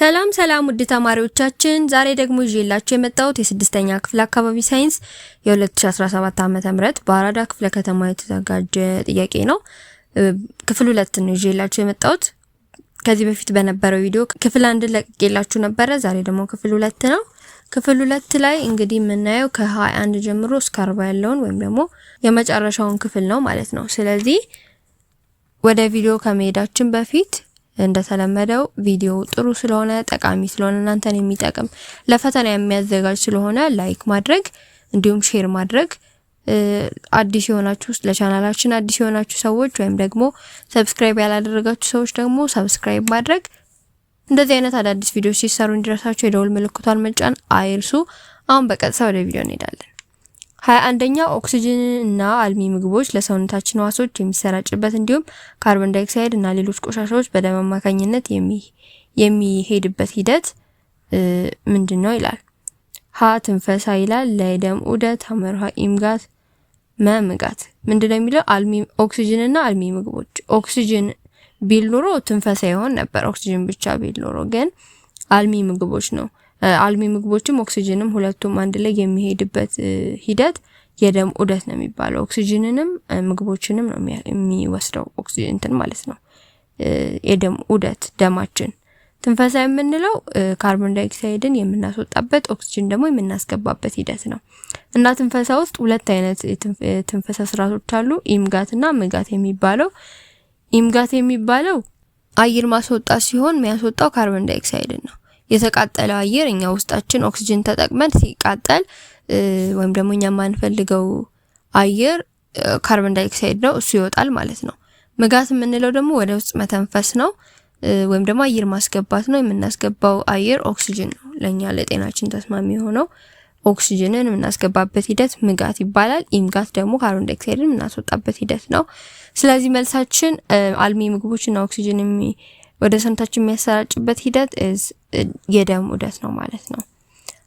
ሰላም ሰላም ውድ ተማሪዎቻችን፣ ዛሬ ደግሞ ይዤላችሁ የመጣሁት የስድስተኛ ክፍል አካባቢ ሳይንስ የ2017 ዓመተ ምህረት በአራዳ ክፍለ ከተማ የተዘጋጀ ጥያቄ ነው። ክፍል ሁለት ነው ይዤላችሁ የመጣሁት። ከዚህ በፊት በነበረው ቪዲዮ ክፍል አንድ ለቅቄላችሁ ነበረ። ዛሬ ደግሞ ክፍል ሁለት ነው። ክፍል ሁለት ላይ እንግዲህ የምናየው ከ21 ጀምሮ እስከ 40 ያለውን ወይም ደግሞ የመጨረሻውን ክፍል ነው ማለት ነው። ስለዚህ ወደ ቪዲዮ ከመሄዳችን በፊት እንደተለመደው ቪዲዮ ጥሩ ስለሆነ ጠቃሚ ስለሆነ እናንተን የሚጠቅም ለፈተና የሚያዘጋጅ ስለሆነ ላይክ ማድረግ እንዲሁም ሼር ማድረግ አዲስ የሆናችሁ ለቻናላችን አዲስ የሆናችሁ ሰዎች ወይም ደግሞ ሰብስክራይብ ያላደረጋችሁ ሰዎች ደግሞ ሰብስክራይብ ማድረግ እንደዚህ አይነት አዳዲስ ቪዲዮዎች ሲሰሩ እንዲረሳችሁ የደውል ምልክቷን መጫን አይርሱ። አሁን በቀጥታ ወደ ቪዲዮ እንሄዳለን። ሀያ አንደኛ ኦክሲጅን እና አልሚ ምግቦች ለሰውነታችን ዋሶች የሚሰራጭበት እንዲሁም ካርቦን ዳይኦክሳይድ እና ሌሎች ቆሻሻዎች በደም አማካኝነት የሚሄድበት ሂደት ምንድን ነው ይላል። ሀ ትንፈሳ ይላል። ለደም ዑደት ሀመርሃ ኢምጋት መምጋት ምንድን ነው የሚለው አልሚ ኦክሲጅን እና አልሚ ምግቦች። ኦክሲጅን ቢል ኖሮ ትንፈሳ ይሆን ነበር። ኦክሲጅን ብቻ ቢል ኖሮ ግን አልሚ ምግቦች ነው። አልሚ ምግቦችም ኦክሲጅንም ሁለቱም አንድ ላይ የሚሄድበት ሂደት የደም ዑደት ነው የሚባለው። ኦክሲጅንንም ምግቦችንም ነው የሚወስደው እንትን ማለት ነው። የደም ዑደት ደማችን ትንፈሳ የምንለው ካርቦን ዳይኦክሳይድን የምናስወጣበት ኦክሲጅን ደግሞ የምናስገባበት ሂደት ነው እና ትንፈሳ ውስጥ ሁለት አይነት ትንፈሳ ስርዓቶች አሉ፣ ኢምጋት እና ምጋት የሚባለው። ኢምጋት የሚባለው አየር ማስወጣት ሲሆን የሚያስወጣው ካርቦን ዳይኦክሳይድን ነው። የተቃጠለው አየር እኛ ውስጣችን ኦክሲጅን ተጠቅመን ሲቃጠል ወይም ደግሞ እኛ የማንፈልገው አየር ካርቦን ዳይኦክሳይድ ነው፣ እሱ ይወጣል ማለት ነው። ምጋት የምንለው ደግሞ ወደ ውስጥ መተንፈስ ነው፣ ወይም ደግሞ አየር ማስገባት ነው። የምናስገባው አየር ኦክሲጅን ነው። ለእኛ ለጤናችን ተስማሚ የሆነው ኦክሲጅንን የምናስገባበት ሂደት ምጋት ይባላል። ኢምጋት ደግሞ ካርቦን ዳይኦክሳይድን የምናስወጣበት ሂደት ነው። ስለዚህ መልሳችን አልሚ ምግቦችና ኦክሲጅን ወደ ሰውነታችን የሚያሰራጭበት ሂደት የደም ውደት ነው ማለት ነው።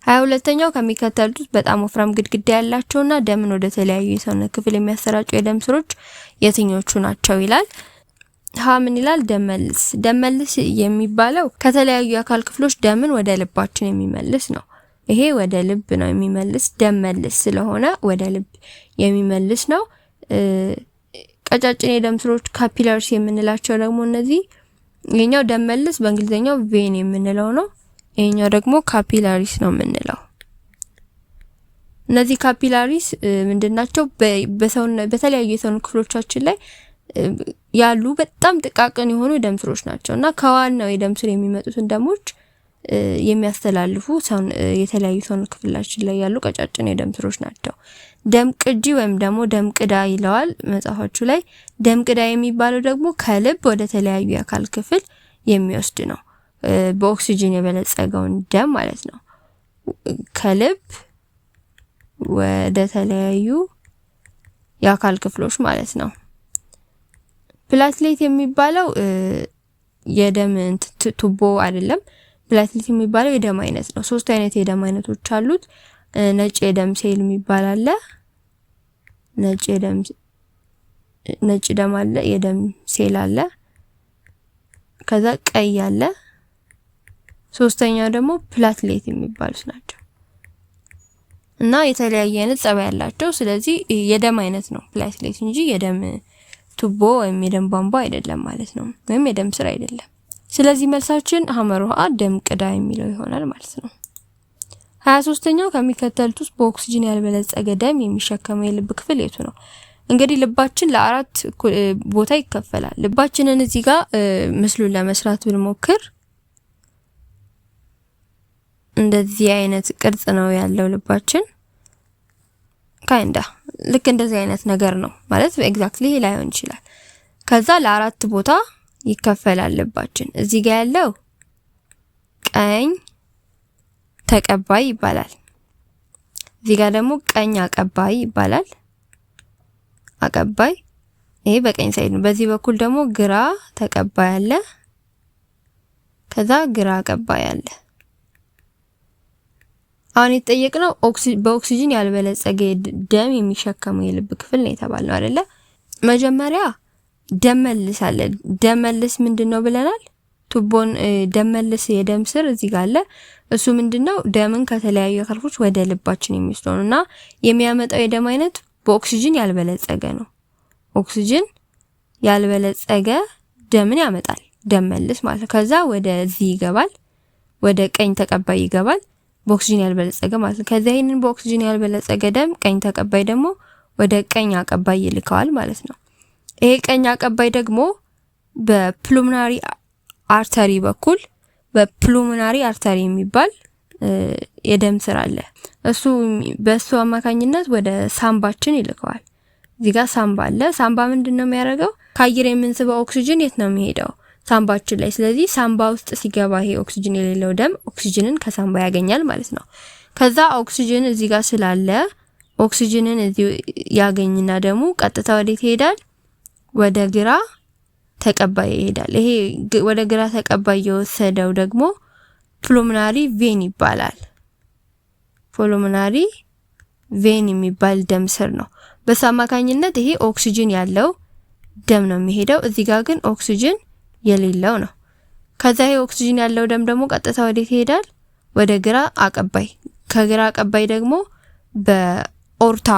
ሀያ ሁለተኛው ከሚከተሉት በጣም ወፍራም ግድግዳ ያላቸውና ደምን ወደ ተለያዩ የሰውነት ክፍል የሚያሰራጩ የደም ስሮች የትኞቹ ናቸው ይላል። ሀ ምን ይላል? ደም መልስ። ደም መልስ የሚባለው ከተለያዩ የአካል ክፍሎች ደምን ወደ ልባችን የሚመልስ ነው። ይሄ ወደ ልብ ነው የሚመልስ ደም መልስ ስለሆነ ወደ ልብ የሚመልስ ነው። ቀጫጭን የደም ስሮች ካፒላርስ የምንላቸው ደግሞ እነዚህ ይሄኛው ደም መልስ በእንግሊዘኛው ቬን የምንለው ነው። ይሄኛው ደግሞ ካፒላሪስ ነው የምንለው። እነዚህ ካፒላሪስ ምንድናቸው? በተለያዩ የሰውነት ክፍሎቻችን ላይ ያሉ በጣም ጥቃቅን የሆኑ ደም ስሮች ናቸው እና ከዋናው የደም ስር የሚመጡትን ደሞች የሚያስተላልፉ የተለያዩ ሰውን ክፍላችን ላይ ያሉ ቀጫጭን የደም ስሮች ናቸው። ደም ቅጂ ወይም ደግሞ ደም ቅዳ ይለዋል መጽሐፎቹ ላይ። ደም ቅዳ የሚባለው ደግሞ ከልብ ወደ ተለያዩ የአካል ክፍል የሚወስድ ነው። በኦክሲጅን የበለጸገውን ደም ማለት ነው። ከልብ ወደ ተለያዩ የአካል ክፍሎች ማለት ነው። ፕላትሌት የሚባለው የደም ቱቦ አይደለም። ፕላትሌት የሚባለው የደም አይነት ነው። ሶስት አይነት የደም አይነቶች አሉት። ነጭ የደም ሴል የሚባል አለ። ነጭ የደም ነጭ ደም አለ፣ የደም ሴል አለ። ከዛ ቀይ አለ። ሶስተኛው ደግሞ ፕላትሌት የሚባሉት ናቸው። እና የተለያየ አይነት ጸባይ ያላቸው ስለዚህ የደም አይነት ነው ፕላትሌት እንጂ የደም ቱቦ ወይም የደም ቧንቧ አይደለም ማለት ነው። ወይም የደም ስር አይደለም። ስለዚህ መልሳችን ሀመር ደም ቅዳ የሚለው ይሆናል ማለት ነው። ሀያ ሶስተኛው ከሚከተሉት ውስጥ በኦክሲጅን ያልበለጸገ ደም የሚሸከመው የልብ ክፍል የቱ ነው? እንግዲህ ልባችን ለአራት ቦታ ይከፈላል። ልባችንን እዚህ ጋር ምስሉን ለመስራት ብንሞክር እንደዚህ አይነት ቅርጽ ነው ያለው ልባችን ካይንዳ ልክ እንደዚህ አይነት ነገር ነው ማለት በኤግዛክትሊ ላይሆን ይችላል። ከዛ ለአራት ቦታ ይከፈላል ልባችን። እዚህ ጋር ያለው ቀኝ ተቀባይ ይባላል። እዚህ ጋር ደግሞ ቀኝ አቀባይ ይባላል። አቀባይ ይሄ በቀኝ ሳይድ ነው። በዚህ በኩል ደግሞ ግራ ተቀባይ አለ። ከዛ ግራ አቀባይ አለ። አሁን የተጠየቅነው በኦክሲጅን ያልበለጸገ ደም የሚሸከመው የልብ ክፍል ነው የተባለው አይደለ? መጀመሪያ ደመልስ አለ። ደመልስ ምንድን ነው ብለናል? ቱቦን ደመልስ የደም ስር እዚህ ጋር አለ። እሱ ምንድን ነው? ደምን ከተለያዩ አካሎች ወደ ልባችን የሚወስደው እና የሚያመጣው የደም አይነት በኦክሲጅን ያልበለጸገ ነው። ኦክሲጅን ያልበለጸገ ደምን ያመጣል። ደመልስ ማለት ነው። ከዛ ወደዚህ ይገባል፣ ወደ ቀኝ ተቀባይ ይገባል። በኦክሲጅን ያልበለጸገ ማለት ነው። ከዚያ ይህንን በኦክሲጅን ያልበለጸገ ደም ቀኝ ተቀባይ ደግሞ ወደ ቀኝ አቀባይ ይልከዋል ማለት ነው። ይሄ ቀኝ አቀባይ ደግሞ በፕሉሚናሪ አርተሪ በኩል በፕሉሚናሪ አርተሪ የሚባል የደም ስር አለ። እሱ በሱ አማካኝነት ወደ ሳምባችን ይልከዋል። እዚህ ጋር ሳምባ አለ። ሳምባ ምንድን ነው የሚያደርገው? ከአየር የምንስበው ኦክሲጅን የት ነው የሚሄደው? ሳምባችን ላይ። ስለዚህ ሳምባ ውስጥ ሲገባ ይሄ ኦክሲጅን የሌለው ደም ኦክሲጅንን ከሳምባ ያገኛል ማለት ነው። ከዛ ኦክሲጅን እዚህ ጋር ስላለ ኦክሲጅንን ያገኝና ደግሞ ቀጥታ ወዴት ይሄዳል? ወደ ግራ ተቀባይ ይሄዳል። ይሄ ወደ ግራ ተቀባይ የወሰደው ደግሞ ፕሉምናሪ ቬን ይባላል። ፕሉምናሪ ቬን የሚባል ደም ስር ነው። በሱ አማካኝነት ይሄ ኦክሲጅን ያለው ደም ነው የሚሄደው። እዚህ ጋር ግን ኦክሲጅን የሌለው ነው። ከዛ ይሄ ኦክሲጅን ያለው ደም ደግሞ ቀጥታ ወዴት ይሄዳል? ወደ ግራ አቀባይ። ከግራ አቀባይ ደግሞ በኦርታ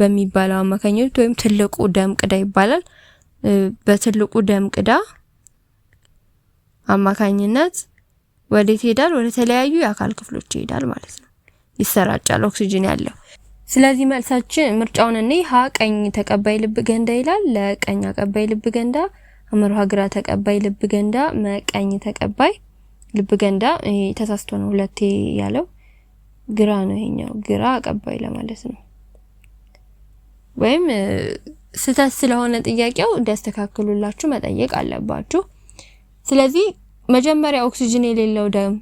በሚባለው አማካኝነት ወይም ትልቁ ደም ቅዳ ይባላል በትልቁ ደም ቅዳ አማካኝነት ወዴት ይሄዳል? ወደ ተለያዩ የአካል ክፍሎች ይሄዳል ማለት ነው። ይሰራጫል ኦክሲጅን ያለው። ስለዚህ መልሳችን ምርጫውን እኔ ሀ ቀኝ ተቀባይ ልብ ገንዳ ይላል፣ ለቀኝ አቀባይ ልብ ገንዳ፣ አምሮ ግራ ተቀባይ ልብ ገንዳ፣ መቀኝ ተቀባይ ልብ ገንዳ። ይሄ ተሳስቶ ነው ሁለቴ ያለው ግራ ነው። ይሄኛው ግራ አቀባይ ለማለት ነው ወይም ስህተት ስለሆነ ጥያቄው እንዲያስተካክሉላችሁ መጠየቅ አለባችሁ። ስለዚህ መጀመሪያ ኦክሲጅን የሌለው ደም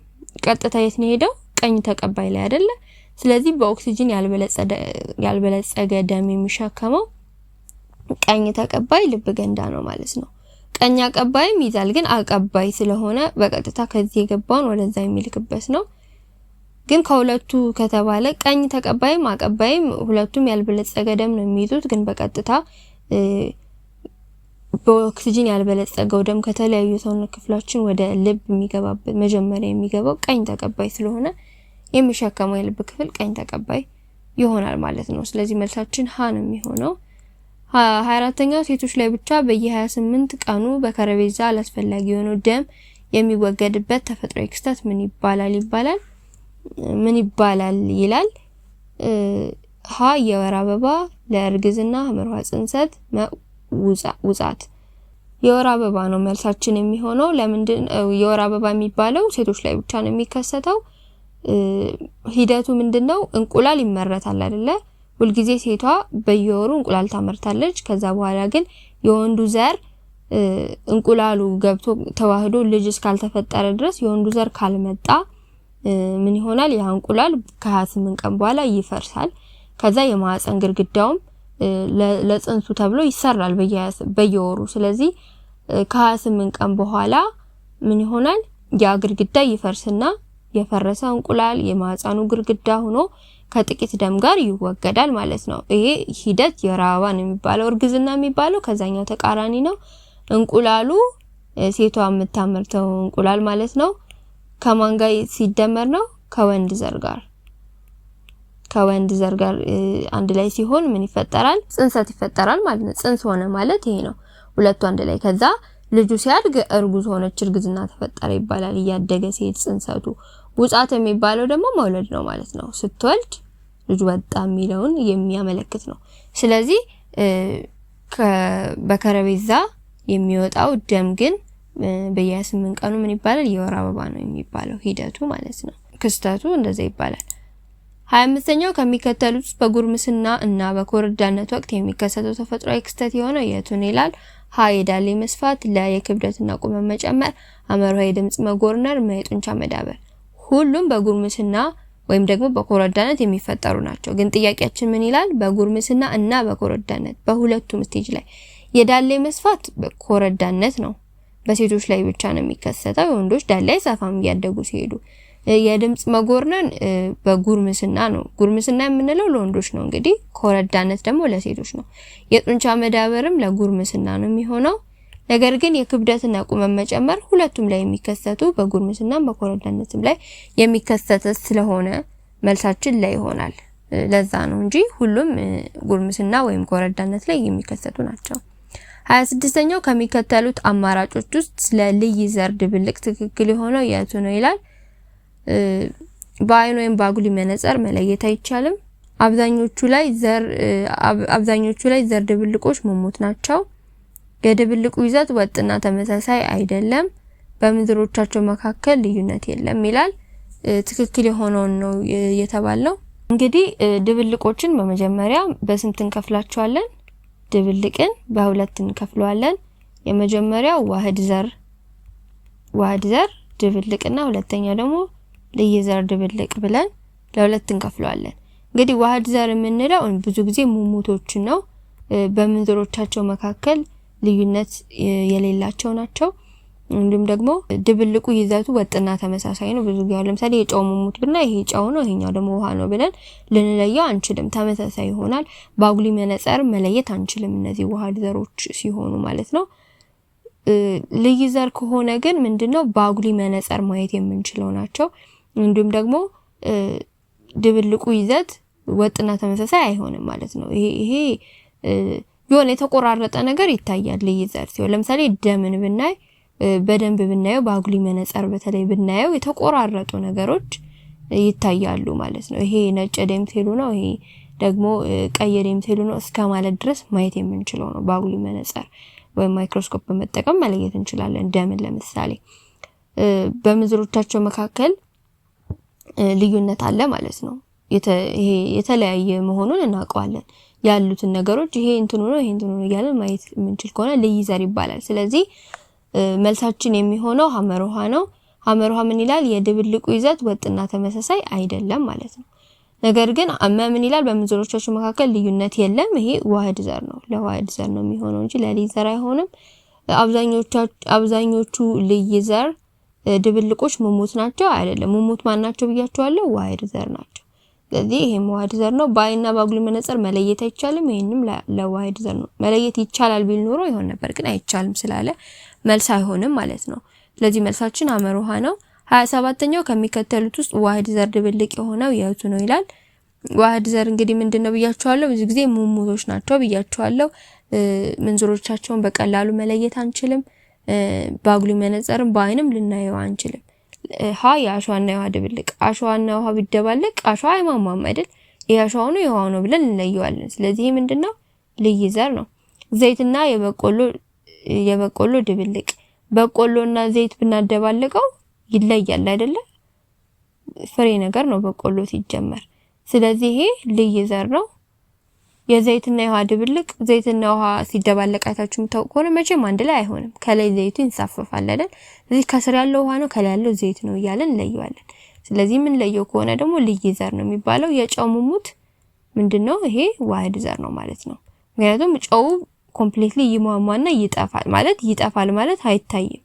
ቀጥታ የት ነው ሄደው? ቀኝ ተቀባይ ላይ አይደለ? ስለዚህ በኦክሲጅን ያልበለጸገ ደም የሚሸከመው ቀኝ ተቀባይ ልብ ገንዳ ነው ማለት ነው። ቀኝ አቀባይም ይዛል፣ ግን አቀባይ ስለሆነ በቀጥታ ከዚህ የገባውን ወደዛ የሚልክበት ነው። ግን ከሁለቱ ከተባለ ቀኝ ተቀባይም አቀባይም ሁለቱም ያልበለጸገ ደም ነው የሚይዙት። ግን በቀጥታ በኦክሲጂን ያልበለጸገው ደም ከተለያዩ ሰውነት ክፍላችን ወደ ልብ የሚገባበት መጀመሪያ የሚገባው ቀኝ ተቀባይ ስለሆነ የሚሸከመው የልብ ክፍል ቀኝ ተቀባይ ይሆናል ማለት ነው። ስለዚህ መልሳችን ሀ ነው የሚሆነው። ሀያ 2ኛው ሴቶች ላይ ብቻ በየ28 ቀኑ በከረቤዛ አላስፈላጊ የሆነው ደም የሚወገድበት ተፈጥሯዊ ክስተት ምን ይባላል? ይባላል ምን ይባላል ይላል። ሀ የወር አበባ፣ ለእርግዝና፣ ህምሯ፣ ጽንሰት፣ ውጻት የወር አበባ ነው መልሳችን የሚሆነው። ለምንድን የወር አበባ የሚባለው ሴቶች ላይ ብቻ ነው የሚከሰተው? ሂደቱ ምንድነው? እንቁላል ይመረታል አይደለ? ሁልጊዜ ሴቷ በየወሩ እንቁላል ታመርታለች። ከዛ በኋላ ግን የወንዱ ዘር እንቁላሉ ገብቶ ተዋህዶ ልጅ እስካልተፈጠረ ድረስ የወንዱ ዘር ካልመጣ ምን ይሆናል? ያ እንቁላል ከ28 ቀን በኋላ ይፈርሳል። ከዛ የማህፀን ግድግዳውም ለጽንሱ ተብሎ ይሰራል በየወሩ። ስለዚህ ከ28 ቀን በኋላ ምን ይሆናል? ያ ግድግዳ ይፈርስና የፈረሰ እንቁላል የማህፀኑ ግድግዳ ሆኖ ከጥቂት ደም ጋር ይወገዳል ማለት ነው። ይሄ ሂደት የራባ ነው የሚባለው። እርግዝና የሚባለው ከዛኛው ተቃራኒ ነው። እንቁላሉ ሴቷ የምታመርተው እንቁላል ማለት ነው ከማን ጋር ሲደመር ነው? ከወንድ ዘር ጋር ከወንድ ዘር ጋር አንድ ላይ ሲሆን ምን ይፈጠራል? ጽንሰት ይፈጠራል ማለት ነው። ጽንስ ሆነ ማለት ይሄ ነው፣ ሁለቱ አንድ ላይ። ከዛ ልጁ ሲያድግ እርጉዝ ሆነች፣ እርግዝና ተፈጠረ ይባላል። እያደገ ሲሄድ ጽንሰቱ። ውጻት የሚባለው ደግሞ መውለድ ነው ማለት ነው። ስትወልድ ልጁ ወጣ የሚለውን የሚያመለክት ነው። ስለዚህ በከረቤዛ የሚወጣው ደም ግን በየስምንት ቀኑ ምን ይባላል? የወር አበባ ነው የሚባለው ሂደቱ ማለት ነው። ክስተቱ እንደዛ ይባላል። ሀያ አምስተኛው ከሚከተሉት በጉርምስና እና በኮረዳነት ወቅት የሚከሰተው ተፈጥሯዊ ክስተት የሆነው የቱን ይላል? ሀ የዳሌ መስፋት፣ ለ የክብደትና ቁመት መጨመር፣ አመርሖ የድምፅ መጎርነር፣ መ የጡንቻ መዳበር። ሁሉም በጉርምስና ወይም ደግሞ በኮረዳነት የሚፈጠሩ ናቸው። ግን ጥያቄያችን ምን ይላል? በጉርምስና እና በኮረዳነት በሁለቱም ስቴጅ ላይ የዳሌ መስፋት ኮረዳነት ነው። በሴቶች ላይ ብቻ ነው የሚከሰተው። የወንዶች ዳሌ አይሰፋም እያደጉ ሲሄዱ። የድምፅ መጎርነን በጉርምስና ነው። ጉርምስና የምንለው ለወንዶች ነው እንግዲህ፣ ኮረዳነት ደግሞ ለሴቶች ነው። የጡንቻ መዳበርም ለጉርምስና ነው የሚሆነው። ነገር ግን የክብደትና ቁመት መጨመር ሁለቱም ላይ የሚከሰቱ በጉርምስናም በኮረዳነትም ላይ የሚከሰተ ስለሆነ መልሳችን ላይ ይሆናል። ለዛ ነው እንጂ ሁሉም ጉርምስና ወይም ኮረዳነት ላይ የሚከሰቱ ናቸው። 26ኛው ከሚከተሉት አማራጮች ውስጥ ስለ ልይ ዘር ድብልቅ ትክክል የሆነው የቱ ነው ይላል። በአይን ወይም በአጉሊ መነጽር መለየት አይቻልም። አብዛኞቹ ላይ ዘር አብዛኞቹ ላይ ዘር ድብልቆች መሞት ናቸው። የድብልቁ ይዘት ወጥና ተመሳሳይ አይደለም። በምድሮቻቸው መካከል ልዩነት የለም ይላል። ትክክል የሆነውን ነው የተባለው። እንግዲህ ድብልቆችን በመጀመሪያ በስንት እንከፍላቸዋለን? ድብልቅን በሁለት እንከፍለዋለን። የመጀመሪያው ዋህድ ዘር ዋህድ ዘር ድብልቅና ሁለተኛ ደግሞ ልዩ ዘር ድብልቅ ብለን ለሁለት እንከፍለዋለን። እንግዲህ ዋህድ ዘር የምንለው ብዙ ጊዜ ሙሙቶችን ነው። በምንዝሮቻቸው መካከል ልዩነት የሌላቸው ናቸው። እንዲሁም ደግሞ ድብልቁ ይዘቱ ወጥና ተመሳሳይ ነው። ብዙ ጊዜ ለምሳሌ የጨው ሙሙት ብና ይሄ ጨው ነው ይሄኛው ደግሞ ውሃ ነው ብለን ልንለየው አንችልም። ተመሳሳይ ይሆናል። በአጉሊ መነጸር መለየት አንችልም። እነዚህ ውሃ ዘሮች ሲሆኑ ማለት ነው። ልይ ዘር ከሆነ ግን ምንድነው በአጉሊ መነጽር ማየት የምንችለው ናቸው። እንዲሁም ደግሞ ድብልቁ ይዘት ወጥና ተመሳሳይ አይሆንም ማለት ነው። ይሄ የሆነ የተቆራረጠ ነገር ይታያል ልይ ዘር ሲሆን ለምሳሌ ደምን ብናይ በደንብ ብናየው በአጉሊ መነጽር በተለይ ብናየው የተቆራረጡ ነገሮች ይታያሉ ማለት ነው። ይሄ ነጭ የደም ሴሉ ነው፣ ይሄ ደግሞ ቀይ የደም ሴሉ ነው እስከ ማለት ድረስ ማየት የምንችለው ነው። በአጉሊ መነጽር ወይም ማይክሮስኮፕ በመጠቀም መለየት እንችላለን። ደምን ለምሳሌ በምዝሮቻቸው መካከል ልዩነት አለ ማለት ነው። ይሄ የተለያየ መሆኑን እናውቀዋለን። ያሉትን ነገሮች ይሄ እንትኑ ነው፣ ይሄ እንትኑ ነው እያለን ማየት የምንችል ከሆነ ልይዘር ይባላል። ስለዚህ መልሳችን የሚሆነው ሀመር ውሃ ነው። ሀመር ውሃ ምን ይላል? የድብልቁ ይዘት ወጥና ተመሳሳይ አይደለም ማለት ነው። ነገር ግን አመ ምን ይላል? በምንዝሮቻቸው መካከል ልዩነት የለም። ይሄ ዋህድ ዘር ነው፣ ለዋህድ ዘር ነው የሚሆነው እንጂ ለሊ ዘር አይሆንም። አብዛኞቹ ልይ ዘር ድብልቆች ሙሙት ናቸው አይደለም። ሙሙት ማን ናቸው ብያቸዋለሁ? ዋህድ ዘር ናቸው። ስለዚህ ይሄም ዋህድ ዘር ነው። በአይና በአጉሊ መነጽር መለየት አይቻልም። ይሄንም ለዋህድ ዘር ነው። መለየት ይቻላል ቢል ኖሮ ይሆን ነበር፣ ግን አይቻልም ስላለ መልስ አይሆንም ማለት ነው። ስለዚህ መልሳችን አመር ውሃ ነው። 27 27ኛው ከሚከተሉት ውስጥ ዋህድ ዘር ድብልቅ የሆነው የቱ ነው ይላል። ዋህድ ዘር እንግዲህ ምንድን ነው ብያችኋለሁ። ብዙ ጊዜ ሙሙቶች ናቸው ብያችኋለሁ። ምንዝሮቻቸውን በቀላሉ መለየት አንችልም። በአጉሊ መነጸርም በአይንም ልናየው አንችልም። ሀ የአሸዋና የውሃ ድብልቅ፣ አሸዋና ውሃ ቢደባለቅ አሸዋ አይማማም አይደል? ይህ አሸዋው ነው የውሃ ነው ብለን እንለየዋለን። ስለዚህ ምንድን ነው ልይ ዘር ነው። ዘይትና የበቆሎ የበቆሎ ድብልቅ በቆሎና ዘይት ብናደባልቀው ይለያል አይደለ? ፍሬ ነገር ነው በቆሎ ሲጀመር። ስለዚህ ይሄ ልይ ዘር ነው። የዘይትና የውሃ ድብልቅ ዘይትና ውሃ ሲደባለቅ አይታችሁ የምታውቁ ከሆነ መቼም አንድ ላይ አይሆንም። ከላይ ዘይቱ ይንሳፈፋል አይደል? ስለዚህ ከስር ያለው ውሃ ነው፣ ከላይ ያለው ዘይት ነው እያለን እንለየዋለን። ስለዚህ ለየው ከሆነ ደግሞ ልይ ዘር ነው የሚባለው። የጨው ሙሙት ምንድነው? ይሄ ዋህድ ዘር ነው ማለት ነው። ምክንያቱም ጨው ኮምፕሊትሊ ይሟሟና ይጠፋል። ማለት ይጠፋል ማለት አይታይም፣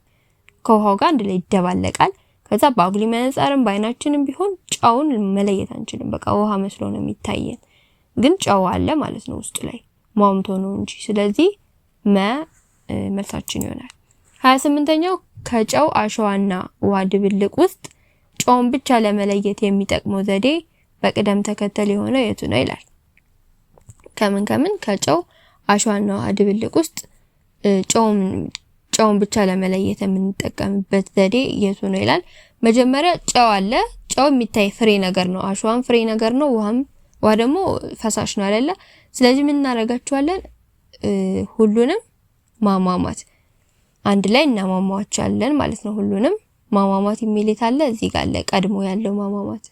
ከውሃው ጋር አንድ ላይ ይደባለቃል። ከዛ በአጉሊ መነጽርም በአይናችንም ቢሆን ጨውን መለየት አንችልም። በቃ ውሃ መስሎ ነው የሚታየን፣ ግን ጨው አለ ማለት ነው ውስጡ ላይ ሟምቶ ነው እንጂ። ስለዚህ መ መልሳችን ይሆናል። ሀያ ስምንተኛው ከጨው አሸዋና ውሃ ድብልቅ ውስጥ ጨውን ብቻ ለመለየት የሚጠቅመው ዘዴ በቅደም ተከተል የሆነ የቱ ነው ይላል። ከምን ከምን ከጨው አሸዋና ድብልቅ ውስጥ ጨውን ብቻ ለመለየት የምንጠቀምበት ዘዴ የቱ ነው ይላል። መጀመሪያ ጨው አለ። ጨው የሚታይ ፍሬ ነገር ነው። አሸዋም ፍሬ ነገር ነው። ውሃም ውሃ ደግሞ ፈሳሽ ነው አይደለ? ስለዚህ ምን እናደርጋቸዋለን? ሁሉንም ማማማት አንድ ላይ እናማማቸዋለን ማለት ነው። ሁሉንም ማማማት የሚሌት አለ እዚህ ጋር አለ። ቀድሞ ያለው ማማማት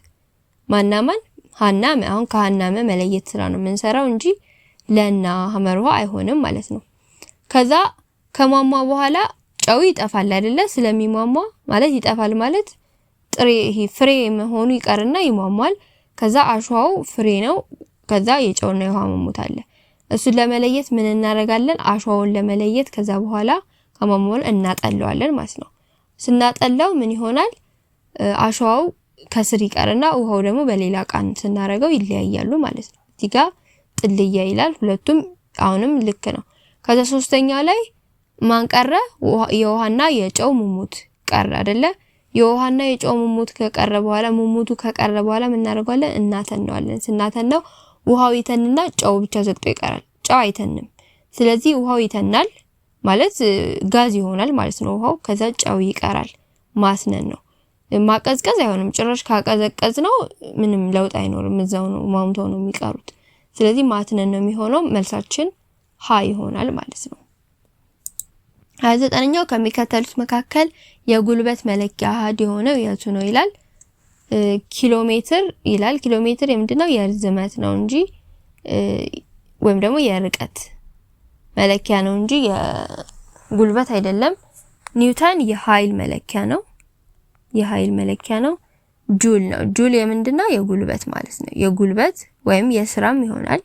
ማናማን ሀናመ አሁን ከሀናመ መለየት ስራ ነው የምንሰራው እንጂ ለና ውሃ አይሆንም ማለት ነው። ከዛ ከሟሟ በኋላ ጨው ይጠፋል አይደለ? ስለሚሟሟ ማለት ይጠፋል ማለት ጥሬ ይሄ ፍሬ መሆኑ ይቀርና ይሟሟል። ከዛ አሸዋው ፍሬ ነው። ከዛ የጨውና የውሃ መሞት አለ። እሱን ለመለየት ምን እናደርጋለን? አሸዋውን ለመለየት ከዛ በኋላ ከሟሟውን እናጠለዋለን ማለት ነው። ስናጠላው ምን ይሆናል? አሸዋው ከስር ይቀርና ውሃው ደግሞ በሌላ ቃን ስናደርገው ይለያያሉ ማለት ነው። እዚህ ጋር ጥልየ ይላል። ሁለቱም አሁንም ልክ ነው። ከዛ ሶስተኛ ላይ ማን ቀረ? የውሃና የጨው ሙሙት ቀረ አይደለ? የውሃና የጨው ሙሙት ከቀረ በኋላ ሙሙቱ ከቀረ በኋላ ምን እናደርገዋለን? እናተነዋለን። ስናተነው ውሃው ይተንና ጨው ብቻ ዘግቶ ይቀራል። ጨው አይተንም። ስለዚህ ውሃው ይተናል ማለት ጋዝ ይሆናል ማለት ነው ውሃው። ከዛ ጨው ይቀራል። ማስነን ነው። ማቀዝቀዝ አይሆንም። ጭራሽ ካቀዘቀዝ ነው ምንም ለውጥ አይኖርም። እዛው ነው ማምቶ ነው የሚቀሩት። ስለዚህ ማትነን ነው የሚሆነው መልሳችን ሀ ይሆናል ማለት ነው። ሀያ ዘጠነኛው ከሚከተሉት መካከል የጉልበት መለኪያ አሃድ የሆነው የቱ ነው ይላል። ኪሎ ሜትር ይላል። ኪሎ ሜትር የምንድነው የርዝመት ነው እንጂ ወይም ደግሞ የርቀት መለኪያ ነው እንጂ የጉልበት አይደለም። ኒውተን የኃይል መለኪያ ነው፣ የኃይል መለኪያ ነው። ጁል ነው። ጁል የምንድነው የጉልበት ማለት ነው። የጉልበት ወይም የስራም ይሆናል።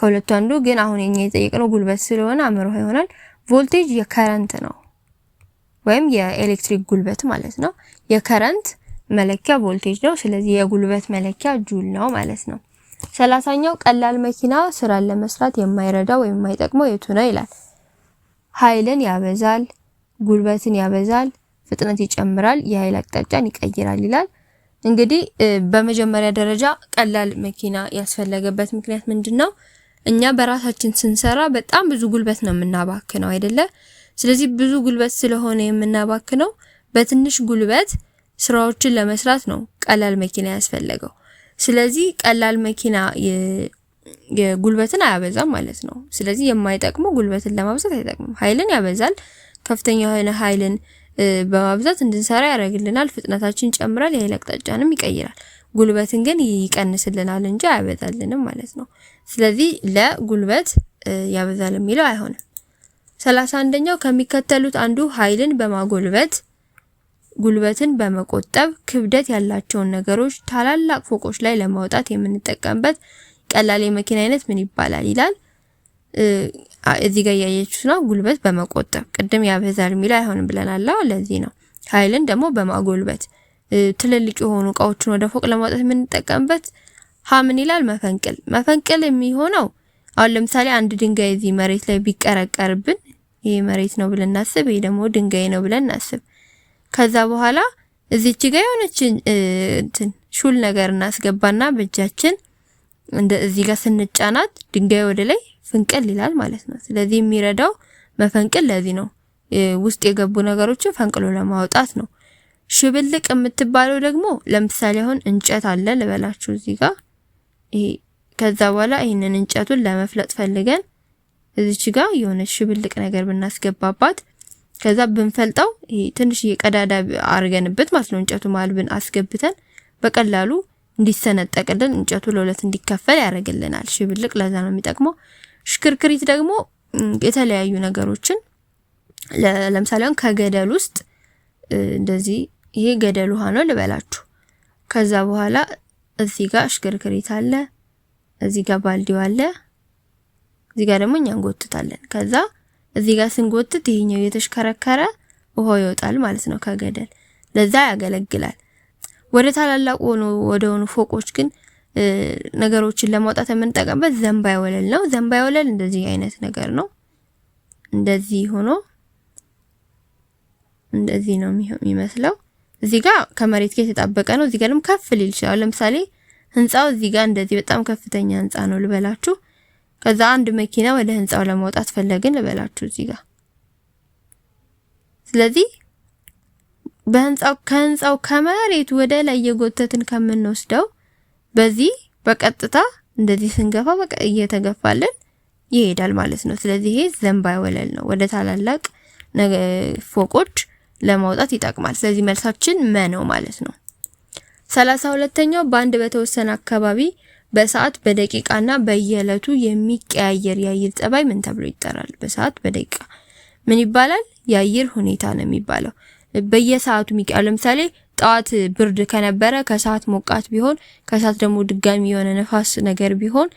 ከሁለቱ አንዱ ግን አሁን የኛ የጠየቅነው ጉልበት ስለሆነ አምሮሃ ይሆናል። ቮልቴጅ የከረንት ነው ወይም የኤሌክትሪክ ጉልበት ማለት ነው። የከረንት መለኪያ ቮልቴጅ ነው። ስለዚህ የጉልበት መለኪያ ጁል ነው ማለት ነው። ሰላሳኛው ቀላል መኪና ስራን ለመስራት የማይረዳ ወይም የማይጠቅመው የቱ ነው ይላል። ኃይልን ያበዛል፣ ጉልበትን ያበዛል፣ ፍጥነት ይጨምራል፣ የኃይል አቅጣጫን ይቀይራል ይላል። እንግዲህ በመጀመሪያ ደረጃ ቀላል መኪና ያስፈለገበት ምክንያት ምንድን ነው? እኛ በራሳችን ስንሰራ በጣም ብዙ ጉልበት ነው የምናባክነው አይደለ? ስለዚህ ብዙ ጉልበት ስለሆነ የምናባክነው በትንሽ ጉልበት ስራዎችን ለመስራት ነው ቀላል መኪና ያስፈለገው። ስለዚህ ቀላል መኪና ጉልበትን አያበዛም ማለት ነው። ስለዚህ የማይጠቅመው ጉልበትን ለማብዛት አይጠቅምም። ኃይልን ያበዛል። ከፍተኛ የሆነ ኃይልን በማብዛት እንድንሰራ ያደርግልናል። ፍጥነታችን ይጨምራል፣ የኃይል አቅጣጫንም ይቀይራል። ጉልበትን ግን ይቀንስልናል እንጂ አያበዛልንም ማለት ነው። ስለዚህ ለጉልበት ያበዛል የሚለው አይሆንም። ሰላሳ አንደኛው ከሚከተሉት አንዱ ኃይልን በማጎልበት ጉልበትን በመቆጠብ ክብደት ያላቸውን ነገሮች ታላላቅ ፎቆች ላይ ለማውጣት የምንጠቀምበት ቀላል የመኪና አይነት ምን ይባላል ይላል። እዚህ ጋር እያየች ነው። ጉልበት በመቆጠብ ቅድም ያበዛል የሚል አይሆንም ብለናል። ለዚህ ነው ኃይልን ደግሞ በማጎልበት ትልልቅ የሆኑ እቃዎችን ወደ ፎቅ ለማውጣት የምንጠቀምበት ሀ ምን ይላል? መፈንቅል መፈንቅል የሚሆነው አሁን ለምሳሌ አንድ ድንጋይ እዚህ መሬት ላይ ቢቀረቀርብን ይሄ መሬት ነው ብለን እናስብ። ይሄ ደግሞ ድንጋይ ነው ብለን እናስብ። ከዛ በኋላ እዚች ጋር የሆነች እንትን ሹል ነገር እናስገባና በእጃችን እንደ እዚህ ጋር ስንጫናት ድንጋይ ወደ ላይ ፍንቅል ይላል ማለት ነው። ስለዚህ የሚረዳው መፈንቅል ለዚህ ነው፣ ውስጥ የገቡ ነገሮችን ፈንቅሎ ለማውጣት ነው። ሽብልቅ የምትባለው ደግሞ ለምሳሌ አሁን እንጨት አለ ልበላችሁ እዚህ ጋር ይሄ ከዛ በኋላ ይህንን እንጨቱን ለመፍለጥ ፈልገን እዚች ጋር የሆነ ሽብልቅ ነገር ብናስገባባት ከዛ ብንፈልጠው ይሄ ትንሽ የቀዳዳ አርገንበት ማለት ነው። እንጨቱ መሀል ብን አስገብተን በቀላሉ እንዲሰነጠቅልን እንጨቱ ለሁለት እንዲከፈል ያደርግልናል። ሽብልቅ ለዛ ነው የሚጠቅመው። ሽክርክሪት ደግሞ የተለያዩ ነገሮችን ለምሳሌ አሁን ከገደል ውስጥ እንደዚህ ይሄ ገደል ውሃ ነው ልበላችሁ። ከዛ በኋላ እዚህ ጋር ሽክርክሪት አለ፣ እዚህ ጋር ባልዲው አለ፣ እዚህ ጋር ደግሞ እኛ እንጎትታለን። ከዛ እዚህ ጋር ስንጎትት ይሄኛው የተሽከረከረ ውሃው ይወጣል ማለት ነው ከገደል። ለዛ ያገለግላል። ወደ ታላላቅ ሆኖ ወደ ሆኑ ፎቆች ግን ነገሮችን ለማውጣት የምንጠቀምበት ዘንባይ ወለል ነው። ዘንባይ ወለል እንደዚህ አይነት ነገር ነው። እንደዚህ ሆኖ እንደዚህ ነው የሚመስለው። እዚህ ጋር ከመሬት ጋር የተጣበቀ ነው። እዚህ ጋር ደግሞ ከፍ ሊል ይችላል። ለምሳሌ ህንፃው እዚህ ጋር እንደዚህ በጣም ከፍተኛ ህንፃ ነው ልበላችሁ። ከዛ አንድ መኪና ወደ ህንፃው ለማውጣት ፈለግን ልበላችሁ እዚህ ጋር ስለዚህ በህንፃው ከህንፃው ከመሬት ወደ ላይ የጎተትን ከምንወስደው በዚህ በቀጥታ እንደዚህ ስንገፋ በቃ እየተገፋልን ይሄዳል ማለት ነው። ስለዚህ ይሄ ዘንባይ ወለል ነው። ወደ ታላላቅ ፎቆች ለማውጣት ይጠቅማል። ስለዚህ መልሳችን መ ነው ማለት ነው። ሰላሳ ሁለተኛው በአንድ በተወሰነ አካባቢ በሰዓት በደቂቃና በየዕለቱ የሚቀያየር የአየር ጸባይ ምን ተብሎ ይጠራል? በሰዓት በደቂቃ ምን ይባላል? የአየር ሁኔታ ነው የሚባለው። በየሰዓቱ የሚቀያየር ለምሳሌ ጠዋት ብርድ ከነበረ ከሰዓት ሞቃት ቢሆን ከሰዓት ደግሞ ድጋሚ የሆነ ነፋስ ነገር ቢሆን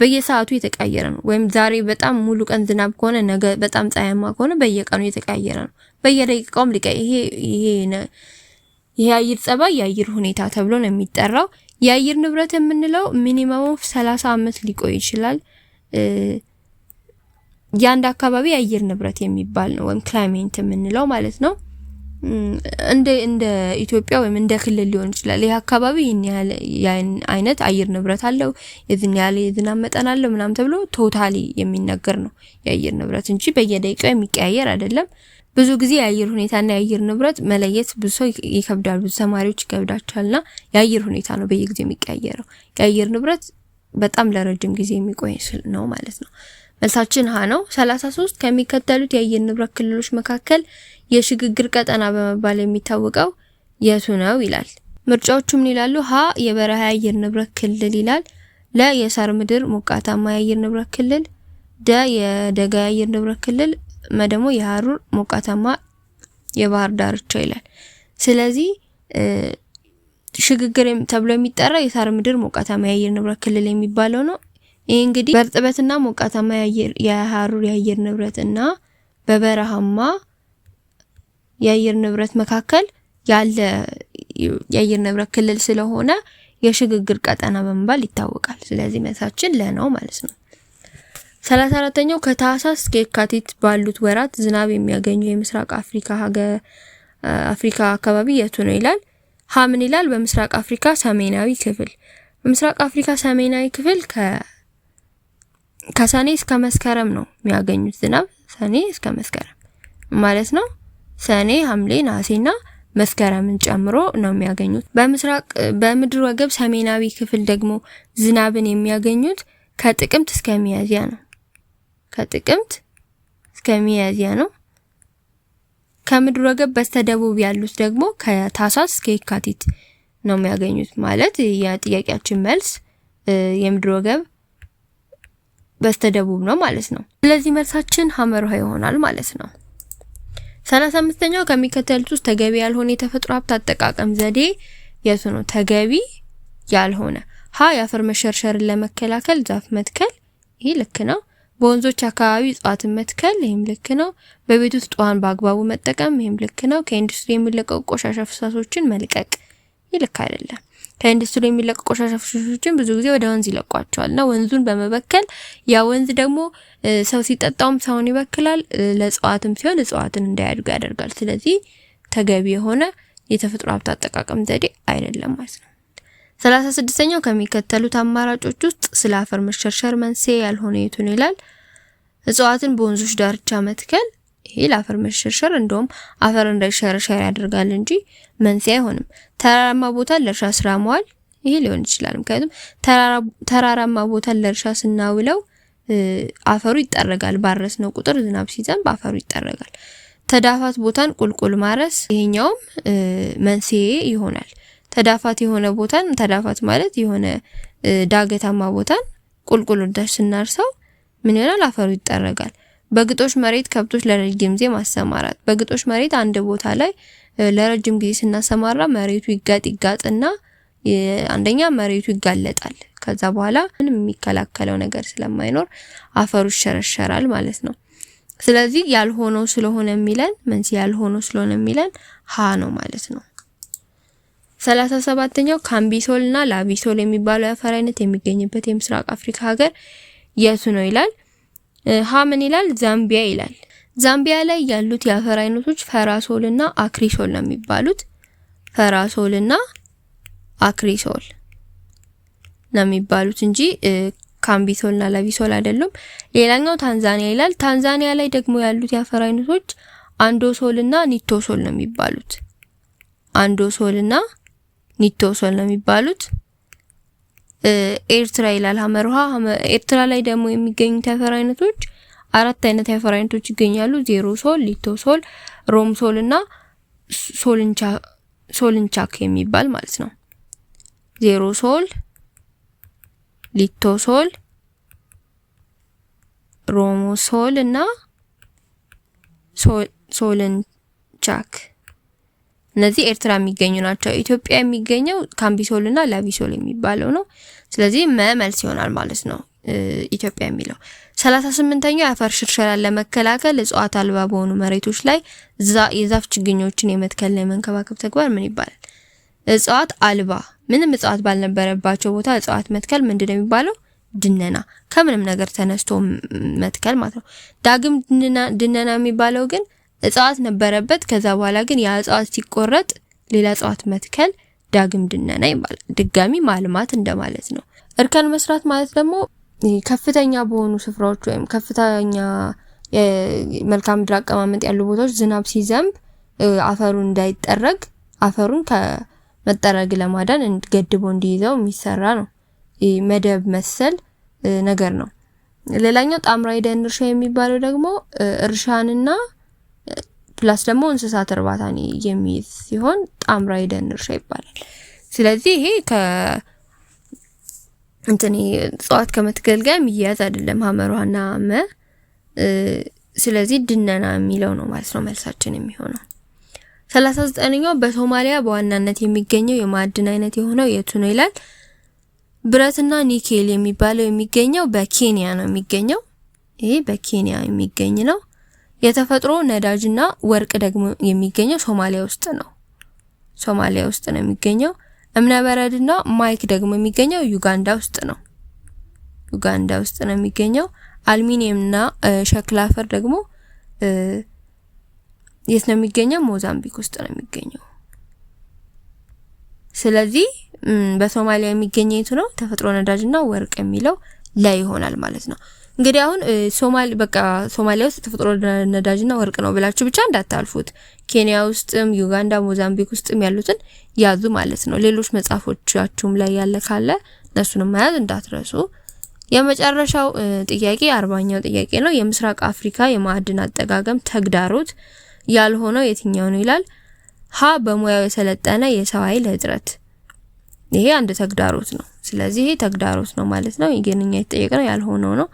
በየሰዓቱ የተቀየረ ነው። ወይም ዛሬ በጣም ሙሉ ቀን ዝናብ ከሆነ ነገ በጣም ፀያማ ከሆነ በየቀኑ የተቀየረ ነው። በየደቂቃውም ሊቀ ይሄ ይሄ የአየር ጸባይ የአየር ሁኔታ ተብሎ ነው የሚጠራው። የአየር ንብረት የምንለው ሚኒመሙ 30 ዓመት ሊቆይ ይችላል። የአንድ አካባቢ የአየር ንብረት የሚባል ነው ወይም ክላይሜንት የምንለው ማለት ነው። እንደ እንደ ኢትዮጵያ ወይም እንደ ክልል ሊሆን ይችላል። ይህ አካባቢ ይህን ያህል አይነት አየር ንብረት አለው፣ የዝን ያህል የዝናብ መጠን አለው ምናም ተብሎ ቶታሊ የሚነገር ነው የአየር ንብረት እንጂ በየደቂቃው የሚቀያየር አይደለም። ብዙ ጊዜ የአየር ሁኔታና የአየር ንብረት መለየት ብዙ ሰው ይከብዳል፣ ብዙ ተማሪዎች ይከብዳቸዋልና የአየር ሁኔታ ነው በየጊዜው የሚቀያየረው። የአየር ንብረት በጣም ለረጅም ጊዜ የሚቆይ ነው ማለት ነው። መልሳችን ሀ ነው። 33 ከሚከተሉት የአየር ንብረት ክልሎች መካከል የሽግግር ቀጠና በመባል የሚታወቀው የቱ ነው ይላል። ምርጫዎቹ ምን ይላሉ? ሀ የበረሃ የአየር ንብረት ክልል ይላል። ለ የሳር ምድር ሞቃታማ የአየር ንብረት ክልል፣ ደ የደጋ የአየር ንብረት ክልል፣ መ ደግሞ የሀሩር ሞቃታማ የባህር ዳርቻ ይላል። ስለዚህ ሽግግር ተብሎ የሚጠራ የሳር ምድር ሞቃታማ የአየር ንብረት ክልል የሚባለው ነው። ይህ እንግዲህ በእርጥበትና ሞቃታማ የሀሩር የአየር ንብረት እና በበረሃማ የአየር ንብረት መካከል ያለ የአየር ንብረት ክልል ስለሆነ የሽግግር ቀጠና በመባል ይታወቃል። ስለዚህ መልሳችን ለ ነው ማለት ነው። ሰላሳ አራተኛው ከታህሳስ እስከ የካቲት ባሉት ወራት ዝናብ የሚያገኙ የምስራቅ አፍሪካ አፍሪካ አካባቢ የቱ ነው ይላል። ሀ ምን ይላል? በምስራቅ አፍሪካ ሰሜናዊ ክፍል። በምስራቅ አፍሪካ ሰሜናዊ ክፍል ከ ከሰኔ እስከ መስከረም ነው የሚያገኙት ዝናብ። ሰኔ እስከ መስከረም ማለት ነው። ሰኔ፣ ሐምሌ፣ ነሐሴና መስከረምን ጨምሮ ነው የሚያገኙት። በምስራቅ በምድር ወገብ ሰሜናዊ ክፍል ደግሞ ዝናብን የሚያገኙት ከጥቅምት እስከ ሚያዝያ ነው። ከጥቅምት እስከ ሚያዝያ ነው። ከምድር ወገብ በስተደቡብ ያሉት ደግሞ ከታህሳስ እስከ የካቲት ነው የሚያገኙት። ማለት የጥያቄያችን መልስ የምድር ወገብ በስተደቡብ ነው ማለት ነው። ስለዚህ መልሳችን ሐመር ውሃ ይሆናል ማለት ነው። ሰላሳ አምስተኛው ከሚከተሉት ውስጥ ተገቢ ያልሆነ የተፈጥሮ ሀብት አጠቃቀም ዘዴ የቱ ነው? ተገቢ ያልሆነ ሀ የአፈር መሸርሸርን ለመከላከል ዛፍ መትከል፣ ይህ ልክ ነው። በወንዞች አካባቢ እጽዋትን መትከል፣ ይህም ልክ ነው። በቤት ውስጥ ውሃን በአግባቡ መጠቀም፣ ይህም ልክ ነው። ከኢንዱስትሪ የሚለቀቁ ቆሻሻ ፍሳሾችን መልቀቅ፣ ይህ ልክ አይደለም። ከኢንዱስትሪ የሚለቀቁ ቆሻሻ ብዙ ጊዜ ወደ ወንዝ ይለቋቸዋል እና ወንዙን በመበከል ያ ወንዝ ደግሞ ሰው ሲጠጣውም ሰውን ይበክላል፣ ለእጽዋትም ሲሆን እጽዋትን እንዳያድጉ ያደርጋል። ስለዚህ ተገቢ የሆነ የተፈጥሮ ሀብት አጠቃቀም ዘዴ አይደለም ማለት ነው። ሰላሳ ስድስተኛው ከሚከተሉት አማራጮች ውስጥ ስለ አፈር መሸርሸር መንስኤ ያልሆነ የቱን ይላል። እጽዋትን በወንዞች ዳርቻ መትከል ይህ ለአፈር መሸርሸር እንደውም አፈር እንዳይሸረሸር ያደርጋል እንጂ መንስኤ አይሆንም። ተራራማ ቦታ ለእርሻ ስራ መዋል ይሄ ሊሆን ይችላል። ምክንያቱም ተራራማ ቦታ ለእርሻ ስናውለው አፈሩ ይጠረጋል። ባረስ ነው ቁጥር ዝናብ ሲዘንብ አፈሩ ይጠረጋል። ተዳፋት ቦታን ቁልቁል ማረስ ይሄኛውም መንስኤ ይሆናል። ተዳፋት የሆነ ቦታን ተዳፋት ማለት የሆነ ዳገታማ ቦታን ቁልቁል ስናርሰው ምን ይሆናል? አፈሩ ይጠረጋል። በግጦሽ መሬት ከብቶች ለረጅም ጊዜ ማሰማራት። በግጦሽ መሬት አንድ ቦታ ላይ ለረጅም ጊዜ ስናሰማራ መሬቱ ይጋጥ ይጋጥና አንደኛ መሬቱ ይጋለጣል። ከዛ በኋላ ምንም የሚከላከለው ነገር ስለማይኖር አፈሩ ይሸረሸራል ማለት ነው። ስለዚህ ያልሆነው ስለሆነ የሚለን መንስኤ ያልሆነው ስለሆነ የሚለን ሀ ነው ማለት ነው። ሰላሳ ሰባተኛው ካምቢሶል እና ላቢሶል የሚባለው የአፈር አይነት የሚገኝበት የምስራቅ አፍሪካ ሀገር የቱ ነው ይላል። ሀ ምን ይላል? ዛምቢያ ይላል። ዛምቢያ ላይ ያሉት የአፈር አይነቶች ፈራሶል እና አክሪሶል ነው የሚባሉት። ፈራሶል እና አክሪሶል ነው የሚባሉት እንጂ ካምቢሶል እና ላቪሶል አይደሉም። ሌላኛው ታንዛኒያ ይላል። ታንዛኒያ ላይ ደግሞ ያሉት የአፈር አይነቶች አንዶሶል እና ኒቶሶል ነው የሚባሉት። አንዶሶል እና ኒቶሶል ነው የሚባሉት። ኤርትራ ይላል ውሃ ኤርትራ ላይ ደግሞ የሚገኙት የአፈር አይነቶች አራት አይነት የአፈር አይነቶች ይገኛሉ። ዜሮ ሶል፣ ሊቶ ሶል፣ ሮም ሶል እና ሶልንቻክ የሚባል ማለት ነው። ዜሮ ሶል፣ ሊቶ ሶል፣ ሮሞ ሶል እና ሶልንቻክ እነዚህ ኤርትራ የሚገኙ ናቸው። ኢትዮጵያ የሚገኘው ካምቢሶልና ላቢሶል የሚባለው ነው። ስለዚህ መመልስ ይሆናል ማለት ነው ኢትዮጵያ የሚለው። ሰላሳ ስምንተኛው የአፈር ሽርሸራን ለመከላከል እጽዋት አልባ በሆኑ መሬቶች ላይ የዛፍ ችግኞችን የመትከልና የመንከባከብ ተግባር ምን ይባላል? እጽዋት አልባ ምንም እጽዋት ባልነበረባቸው ቦታ እጽዋት መትከል ምንድን ነው የሚባለው? ድነና ከምንም ነገር ተነስቶ መትከል ማለት ነው። ዳግም ድነና የሚባለው ግን እጽዋት ነበረበት። ከዛ በኋላ ግን ያ እጽዋት ሲቆረጥ ሌላ እጽዋት መትከል ዳግም ድነና ይባላል። ድጋሚ ማልማት እንደማለት ነው። እርከን መስራት ማለት ደግሞ ከፍተኛ በሆኑ ስፍራዎች ወይም ከፍተኛ የመልካም ምድር አቀማመጥ ያሉ ቦታዎች ዝናብ ሲዘንብ አፈሩን እንዳይጠረግ አፈሩን ከመጠረግ ለማዳን ገድቦ እንዲይዘው የሚሰራ ነው። መደብ መሰል ነገር ነው። ሌላኛው ጣምራ ደን እርሻ የሚባለው ደግሞ እርሻንና ፕላስ ደግሞ እንስሳት እርባታን የሚይዝ ሲሆን ጣምራ የደን እርሻ ይባላል። ስለዚህ ይሄ ከ እንትን እጽዋት ከመትከል ጋር የሚያያዝ አይደለም። ሀመሯና መ ስለዚህ ድነና የሚለው ነው ማለት ነው መልሳችን የሚሆነው። ሰላሳ ዘጠነኛው በሶማሊያ በዋናነት የሚገኘው የማዕድን አይነት የሆነው የቱ ነው ይላል። ብረትና ኒኬል የሚባለው የሚገኘው በኬንያ ነው የሚገኘው። ይሄ በኬንያ የሚገኝ ነው። የተፈጥሮ ነዳጅና ወርቅ ደግሞ የሚገኘው ሶማሊያ ውስጥ ነው። ሶማሊያ ውስጥ ነው የሚገኘው። እምነበረድና ማይክ ደግሞ የሚገኘው ዩጋንዳ ውስጥ ነው። ዩጋንዳ ውስጥ ነው የሚገኘው። አልሚኒየምና ሸክላ አፈር ደግሞ የት ነው የሚገኘው? ሞዛምቢክ ውስጥ ነው የሚገኘው። ስለዚህ በሶማሊያ የሚገኘው የቱ ነው? ተፈጥሮ ነዳጅና ወርቅ የሚለው ላይ ይሆናል ማለት ነው። እንግዲህ አሁን ሶማሌ በቃ ሶማሊያ ውስጥ ተፈጥሮ ነዳጅና ወርቅ ነው ብላችሁ ብቻ እንዳታልፉት። ኬንያ ውስጥም ዩጋንዳ፣ ሞዛምቢክ ውስጥም ያሉትን ያዙ ማለት ነው። ሌሎች መጽሐፎቻችሁም ላይ ያለ ካለ እነሱንም መያዝ እንዳትረሱ። የመጨረሻው ጥያቄ አርባኛው ጥያቄ ነው። የምስራቅ አፍሪካ የማዕድን አጠቃቀም ተግዳሮት ያልሆነው የትኛው ነው ይላል። ሀ በሙያው የሰለጠነ የሰው ኃይል እጥረት። ይሄ አንድ ተግዳሮት ነው። ስለዚህ ይሄ ተግዳሮት ነው ማለት ነው። ይገነኛ የተጠየቀ ነው ያልሆነው ነው።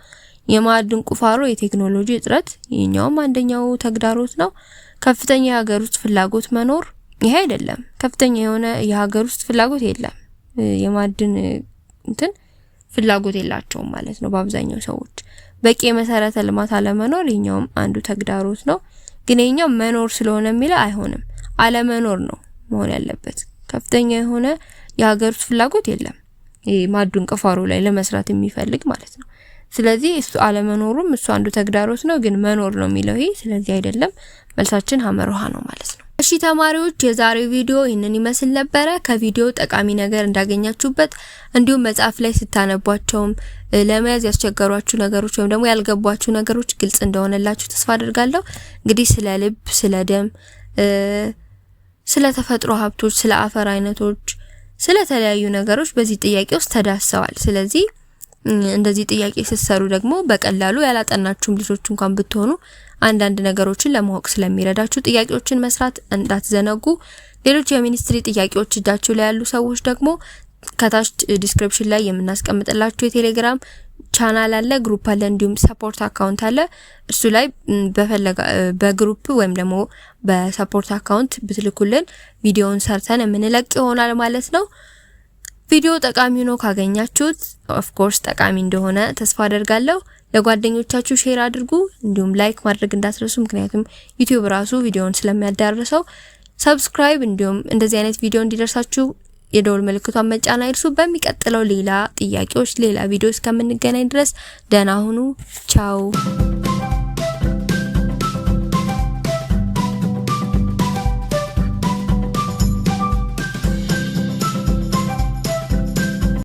የማዕድን ቁፋሮ የቴክኖሎጂ እጥረት ይህኛውም አንደኛው ተግዳሮት ነው። ከፍተኛ የሀገር ውስጥ ፍላጎት መኖር ይሄ አይደለም። ከፍተኛ የሆነ የሀገር ውስጥ ፍላጎት የለም። የማዕድን እንትን ፍላጎት የላቸውም ማለት ነው በአብዛኛው ሰዎች። በቂ የመሰረተ ልማት አለመኖር ይህኛውም አንዱ ተግዳሮት ነው። ግን ይህኛው መኖር ስለሆነ የሚለው አይሆንም፣ አለመኖር ነው መሆን ያለበት። ከፍተኛ የሆነ የሀገር ውስጥ ፍላጎት የለም ማዕድን ቁፋሮ ላይ ለመስራት የሚፈልግ ማለት ነው። ስለዚህ እሱ አለመኖሩም እሱ አንዱ ተግዳሮት ነው፣ ግን መኖር ነው የሚለው ይሄ። ስለዚህ አይደለም መልሳችን ሀመር ውሃ ነው ማለት ነው። እሺ ተማሪዎች የዛሬው ቪዲዮ ይህንን ይመስል ነበረ። ከቪዲዮ ጠቃሚ ነገር እንዳገኛችሁበት እንዲሁም መጽሐፍ ላይ ስታነቧቸውም ለመያዝ ያስቸገሯችሁ ነገሮች ወይም ደግሞ ያልገቧችሁ ነገሮች ግልጽ እንደሆነላችሁ ተስፋ አድርጋለሁ። እንግዲህ ስለ ልብ፣ ስለ ደም፣ ስለ ተፈጥሮ ሀብቶች፣ ስለ አፈር አይነቶች፣ ስለ ተለያዩ ነገሮች በዚህ ጥያቄ ውስጥ ተዳሰዋል። ስለዚህ እንደዚህ ጥያቄ ስትሰሩ ደግሞ በቀላሉ ያላጠናችሁም ልጆች እንኳን ብትሆኑ አንዳንድ ነገሮችን ለማወቅ ስለሚረዳችሁ ጥያቄዎችን መስራት እንዳትዘነጉ። ሌሎች የሚኒስትሪ ጥያቄዎች እጃችሁ ላይ ያሉ ሰዎች ደግሞ ከታች ዲስክሪፕሽን ላይ የምናስቀምጥላችሁ የቴሌግራም ቻናል አለ፣ ግሩፕ አለ፣ እንዲሁም ሰፖርት አካውንት አለ። እሱ ላይ በፈለጋ በግሩፕ ወይም ደግሞ በሰፖርት አካውንት ብትልኩልን ቪዲዮውን ሰርተን የምንለቅ ይሆናል ማለት ነው። ቪዲዮ ጠቃሚ ሆኖ ካገኛችሁት ኦፍ ኮርስ ጠቃሚ እንደሆነ ተስፋ አደርጋለሁ። ለጓደኞቻችሁ ሼር አድርጉ፣ እንዲሁም ላይክ ማድረግ እንዳትረሱ። ምክንያቱም ዩቲዩብ ራሱ ቪዲዮውን ስለሚያዳርሰው። ሰብስክራይብ፣ እንዲሁም እንደዚህ አይነት ቪዲዮ እንዲደርሳችሁ የደውል ምልክቷን መጫን አይርሱ። በሚቀጥለው ሌላ ጥያቄዎች፣ ሌላ ቪዲዮ እስከምንገናኝ ድረስ ደህና ሁኑ። ቻው